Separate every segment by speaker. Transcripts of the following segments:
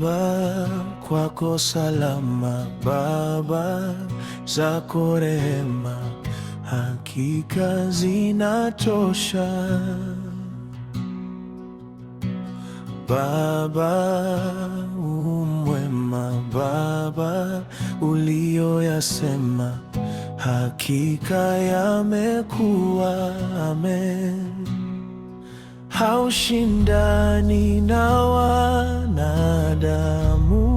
Speaker 1: Baba, kwako salama, Baba zako rehema hakika zinatosha. Baba umwema, Baba uliyoyasema hakika yamekuwa. Amen haushindani na wanadamu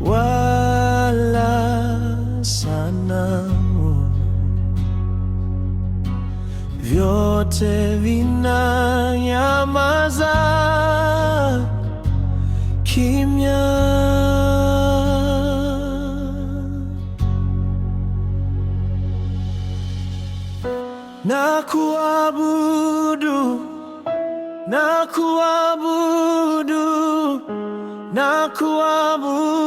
Speaker 1: wala sanamu, vyote vinanyamaza. na kuabudu na kuabudu na kuabudu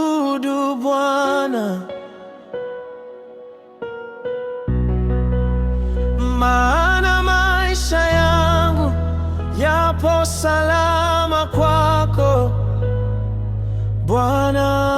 Speaker 1: Bwana, maana maisha yangu yapo salama kwako Bwana.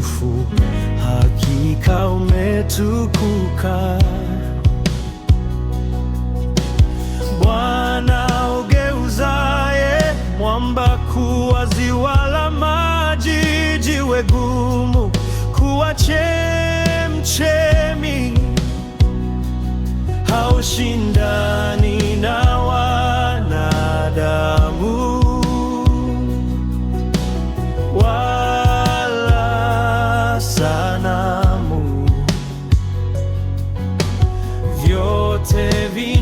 Speaker 1: utukufu, hakika umetukuka. Bwana ugeuzaye mwamba kuwa ziwa la maji, jiwe gumu kuwa chemchemi, haushindani te